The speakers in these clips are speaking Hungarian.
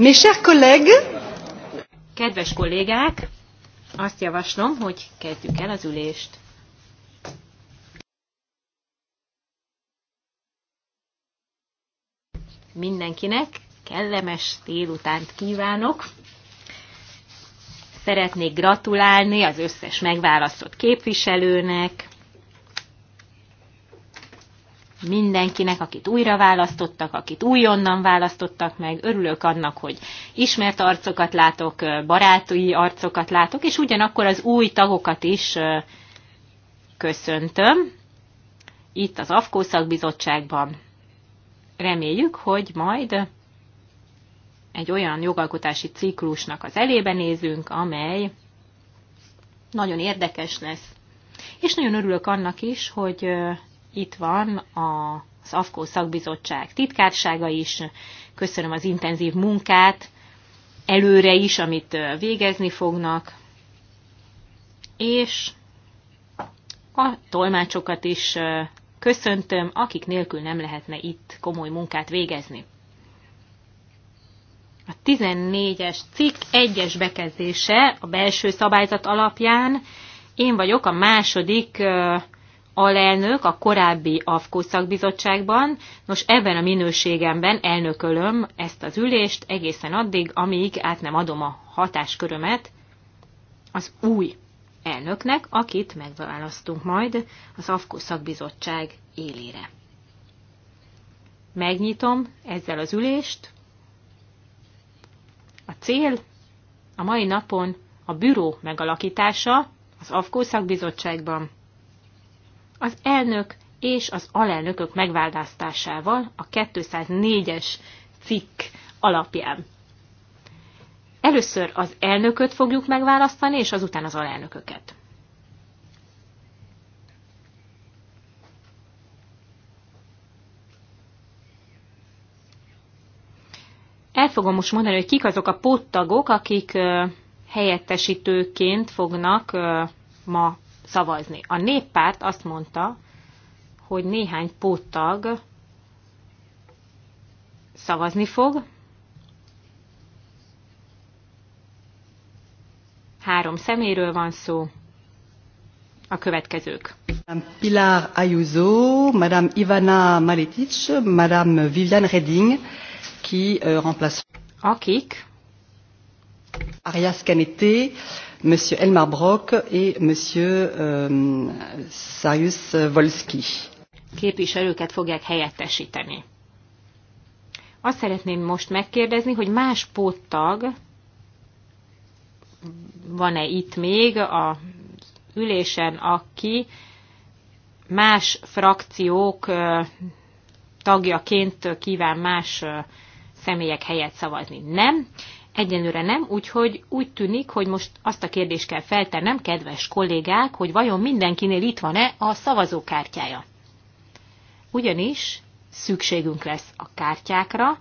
Mes chers collègues, Kedves kollégák, azt javaslom, hogy kezdjük el az ülést. Mindenkinek kellemes délutánt kívánok. Szeretnék gratulálni az összes megválasztott képviselőnek, mindenkinek, akit újra választottak, akit újonnan választottak meg. Örülök annak, hogy ismert arcokat látok, baráti arcokat látok, és ugyanakkor az új tagokat is köszöntöm. Itt az AFKÓ szakbizottságban reméljük, hogy majd egy olyan jogalkotási ciklusnak az elébe nézünk, amely nagyon érdekes lesz. És nagyon örülök annak is, hogy itt van az AFKO szakbizottság titkársága is. Köszönöm az intenzív munkát, előre is, amit végezni fognak. És a tolmácsokat is köszöntöm, akik nélkül nem lehetne itt komoly munkát végezni. A 14-es cikk egyes bekezdése a belső szabályzat alapján. Én vagyok a második alelnök a korábbi AFKO szakbizottságban, nos ebben a minőségemben elnökölöm ezt az ülést egészen addig, amíg át nem adom a hatáskörömet az új elnöknek, akit megválasztunk majd az AFKO szakbizottság élére. Megnyitom ezzel az ülést. A cél a mai napon a büró megalakítása az AFKO szakbizottságban, az elnök és az alelnökök megválasztásával a 204-es cikk alapján. Először az elnököt fogjuk megválasztani, és azután az alelnököket. El fogom most mondani, hogy kik azok a póttagok, akik helyettesítőként fognak ma szavazni. A néppárt azt mondta, hogy néhány póttag szavazni fog, Három szeméről van szó, a következők. Pilar Ayuso, Madame Ivana Maletic, Madame Viviane Reding, qui euh, remplace... Akik? Arias Canete, Monsieur Elmar Brock és Monsieur euh, Sajus Volski. Képviselőket fogják helyettesíteni. Azt szeretném most megkérdezni, hogy más póttag van-e itt még a ülésen, aki más frakciók tagjaként kíván más személyek helyett szavazni. Nem. Egyenlőre nem, úgyhogy úgy tűnik, hogy most azt a kérdést kell feltennem, kedves kollégák, hogy vajon mindenkinél itt van-e a szavazókártyája. Ugyanis szükségünk lesz a kártyákra.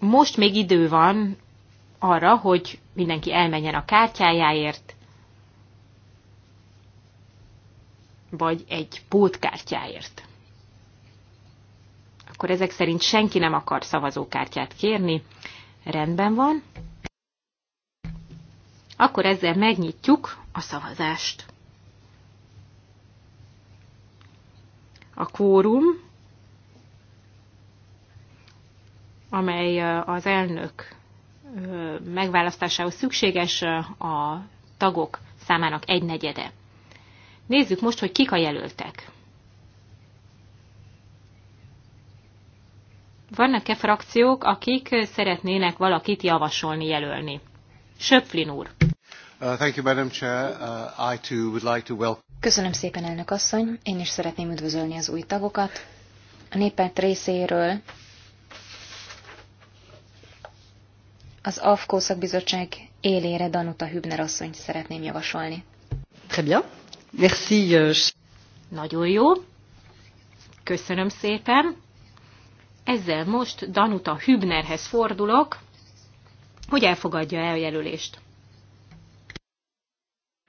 Most még idő van arra, hogy mindenki elmenjen a kártyájáért, vagy egy pótkártyáért. Akkor ezek szerint senki nem akar szavazókártyát kérni, Rendben van. Akkor ezzel megnyitjuk a szavazást. A kórum, amely az elnök megválasztásához szükséges a tagok számának egynegyede. Nézzük most, hogy kik a jelöltek. vannak-e frakciók, akik szeretnének valakit javasolni, jelölni? Söpflin úr. Uh, uh, Köszönöm szépen, elnök asszony. Én is szeretném üdvözölni az új tagokat. A népet részéről az AFKO szakbizottság élére Danuta Hübner asszonyt szeretném javasolni. Très bien. Merci. Euh, Nagyon jó. Köszönöm szépen ezzel most Danuta Hübnerhez fordulok, hogy elfogadja el a jelölést.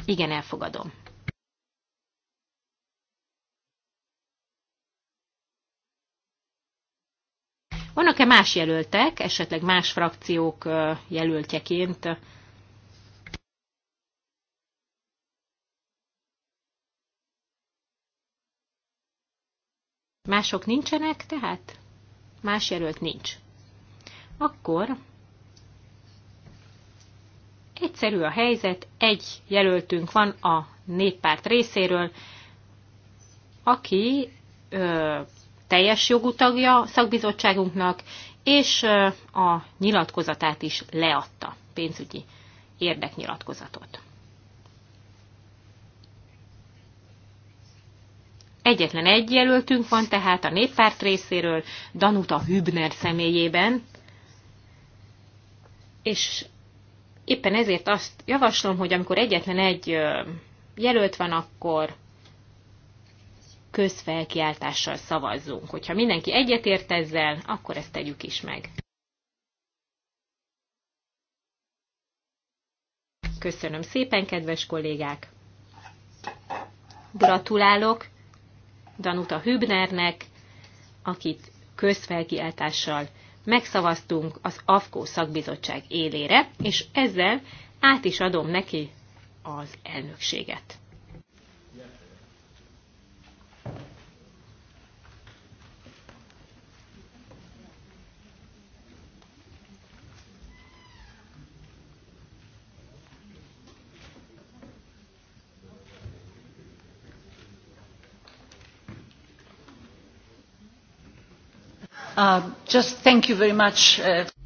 Igen, elfogadom. Vannak-e más jelöltek, esetleg más frakciók jelöltjeként? Mások nincsenek, tehát? más jelölt nincs. Akkor egyszerű a helyzet, egy jelöltünk van a néppárt részéről, aki ö, teljes jogú tagja szakbizottságunknak, és ö, a nyilatkozatát is leadta, pénzügyi érdeknyilatkozatot. Egyetlen egy jelöltünk van tehát a néppárt részéről, Danuta Hübner személyében, és éppen ezért azt javaslom, hogy amikor egyetlen egy jelölt van, akkor közfelkiáltással szavazzunk. Hogyha mindenki egyetért ezzel, akkor ezt tegyük is meg. Köszönöm szépen, kedves kollégák! Gratulálok! Danuta Hübnernek, akit közfelkiáltással megszavaztunk az AFKO szakbizottság élére, és ezzel át is adom neki az elnökséget. Uh, uh,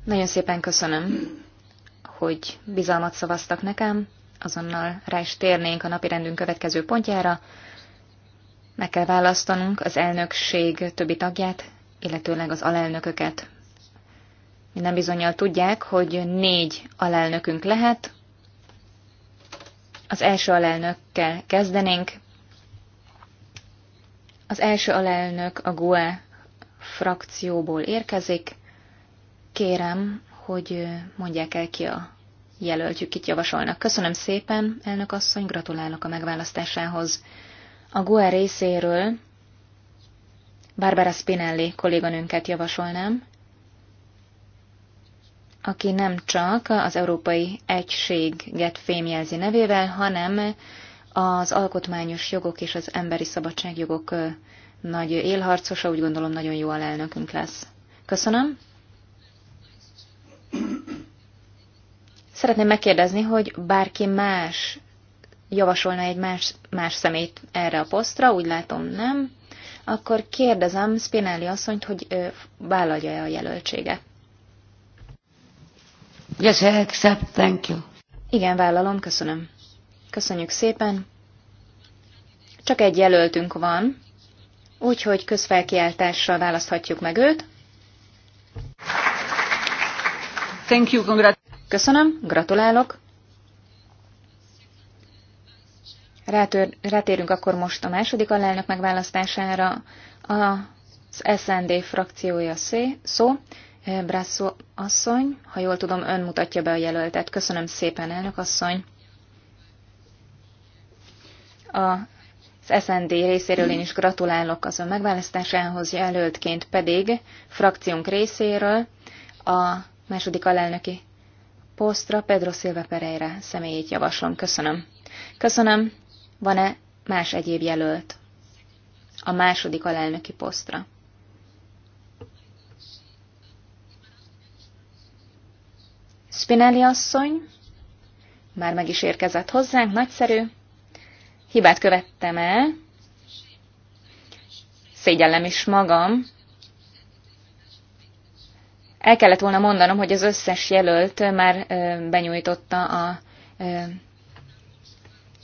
Nagyon szépen köszönöm, hogy bizalmat szavaztak nekem. Azonnal rá is térnénk a napirendünk következő pontjára. Meg kell választanunk az elnökség többi tagját, illetőleg az alelnököket. Minden bizonyal tudják, hogy négy alelnökünk lehet. Az első alelnökkel kezdenénk. Az első alelnök a GUE frakcióból érkezik. Kérem, hogy mondják el ki a jelöltjük, kit javasolnak. Köszönöm szépen, elnök asszony, gratulálok a megválasztásához. A GUE részéről Barbara Spinelli kolléganőnket javasolnám, aki nem csak az Európai Egységet fémjelzi nevével, hanem az alkotmányos jogok és az emberi szabadságjogok nagy élharcosa, úgy gondolom nagyon jó alelnökünk lesz. Köszönöm. Szeretném megkérdezni, hogy bárki más javasolna egy más, más szemét erre a posztra, úgy látom nem, akkor kérdezem Spinelli asszonyt, hogy vállalja-e a jelöltséget. Yes, I accept, thank you. Igen, vállalom, köszönöm. Köszönjük szépen. Csak egy jelöltünk van, úgyhogy közfelkiáltással választhatjuk meg őt. Thank you, congrat- Köszönöm, gratulálok. Rátör, rátérünk akkor most a második alelnök megválasztására. Az SND frakciója szé, szó. Brasso asszony, ha jól tudom, ön mutatja be a jelöltet. Köszönöm szépen, elnök asszony. A az SND részéről én is gratulálok az ön megválasztásához, jelöltként pedig frakciónk részéről a második alelnöki posztra Pedro Silva Pereira személyét javaslom. Köszönöm. Köszönöm. Van-e más egyéb jelölt a második alelnöki posztra? Spinelli asszony már meg is érkezett hozzánk, nagyszerű hibát követtem el, szégyellem is magam, el kellett volna mondanom, hogy az összes jelölt már benyújtotta a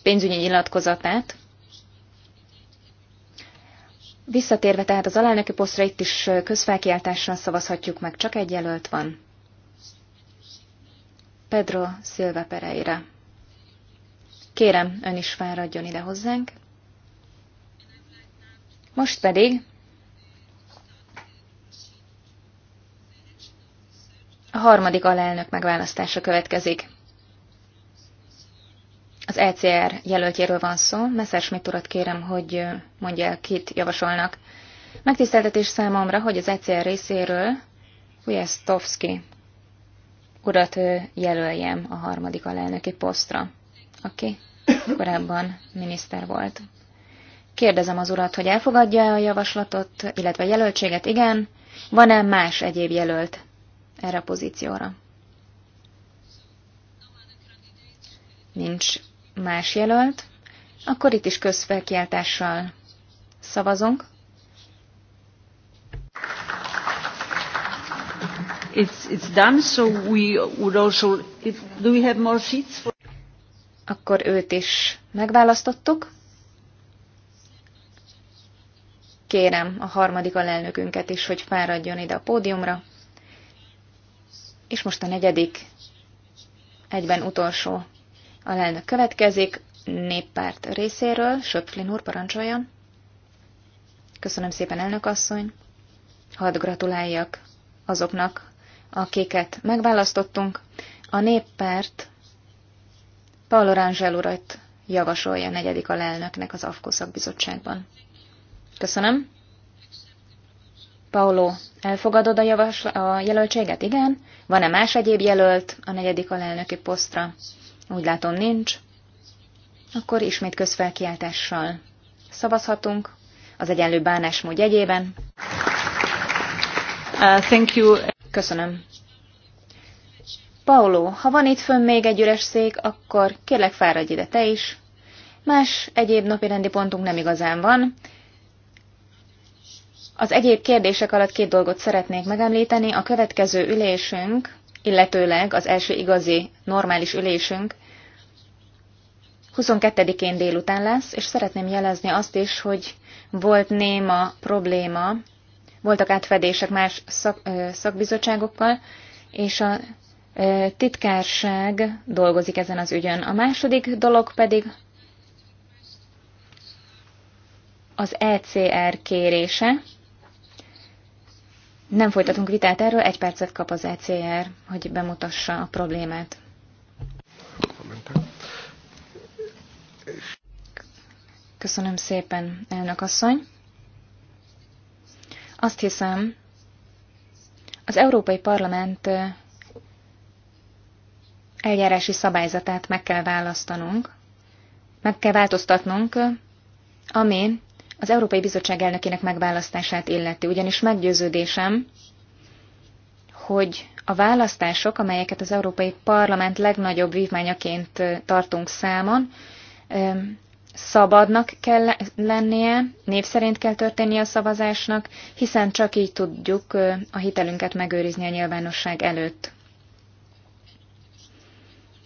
pénzügyi nyilatkozatát. Visszatérve tehát az alelnöki posztra itt is közfelkiáltással szavazhatjuk meg, csak egy jelölt van. Pedro Silva Pereira. Kérem, ön is fáradjon ide hozzánk. Most pedig a harmadik alelnök megválasztása következik. Az ECR jelöltjéről van szó. Messerschmitt urat kérem, hogy mondja el, kit javasolnak. Megtiszteltetés számomra, hogy az ECR részéről Ujesztovszki urat jelöljem a harmadik alelnöki posztra. Oké? Okay korábban miniszter volt. Kérdezem az urat, hogy elfogadja -e a javaslatot, illetve a jelöltséget, igen. Van-e más egyéb jelölt erre a pozícióra? Nincs más jelölt. Akkor itt is közfelkiáltással szavazunk. It's, it's done, so we would also... If, do we have more seats for akkor őt is megválasztottuk. Kérem a harmadik alelnökünket is, hogy fáradjon ide a pódiumra. És most a negyedik, egyben utolsó alelnök következik, néppárt részéről. Söpflin úr, parancsoljon! Köszönöm szépen, elnök asszony! Hadd gratuláljak azoknak, akiket megválasztottunk. A néppárt Paolo Rangel urat javasolja negyedik alelnöknek az AFKO szakbizottságban. Köszönöm. Paolo, elfogadod a, javasl- a jelöltséget? Igen. Van-e más egyéb jelölt a negyedik alelnöki posztra? Úgy látom, nincs. Akkor ismét közfelkiáltással szavazhatunk az egyenlő bánásmód jegyében. Uh, thank you. Köszönöm Paulo, ha van itt fönn még egy üres szék, akkor kérlek fáradj ide te is. Más egyéb napi rendi pontunk nem igazán van. Az egyéb kérdések alatt két dolgot szeretnék megemlíteni. A következő ülésünk, illetőleg az első igazi, normális ülésünk 22-én délután lesz, és szeretném jelezni azt is, hogy volt néma probléma, voltak átfedések más szak, ö, szakbizottságokkal, és a titkárság dolgozik ezen az ügyön. A második dolog pedig az ECR kérése. Nem folytatunk vitát erről, egy percet kap az ECR, hogy bemutassa a problémát. Köszönöm szépen, elnök asszony. Azt hiszem, az Európai Parlament eljárási szabályzatát meg kell választanunk, meg kell változtatnunk, ami az Európai Bizottság elnökének megválasztását illeti, ugyanis meggyőződésem, hogy a választások, amelyeket az Európai Parlament legnagyobb vívmányaként tartunk számon, szabadnak kell lennie, név szerint kell történnie a szavazásnak, hiszen csak így tudjuk a hitelünket megőrizni a nyilvánosság előtt.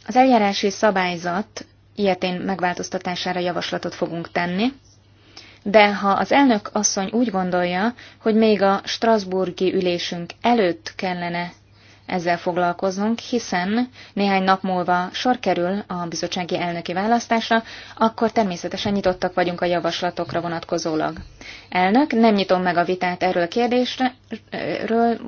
Az eljárási szabályzat ilyetén megváltoztatására javaslatot fogunk tenni, de ha az elnök asszony úgy gondolja, hogy még a Strasburgi ülésünk előtt kellene ezzel foglalkozzunk, hiszen néhány nap múlva sor kerül a bizottsági elnöki választásra, akkor természetesen nyitottak vagyunk a javaslatokra vonatkozólag. Elnök, nem nyitom meg a vitát erről a kérdésről,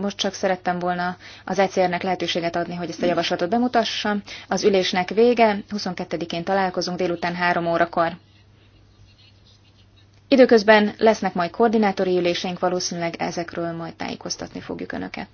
most csak szerettem volna az ECR-nek lehetőséget adni, hogy ezt a javaslatot bemutassa. Az ülésnek vége, 22-én találkozunk délután 3 órakor. Időközben lesznek majd koordinátori üléseink, valószínűleg ezekről majd tájékoztatni fogjuk Önöket.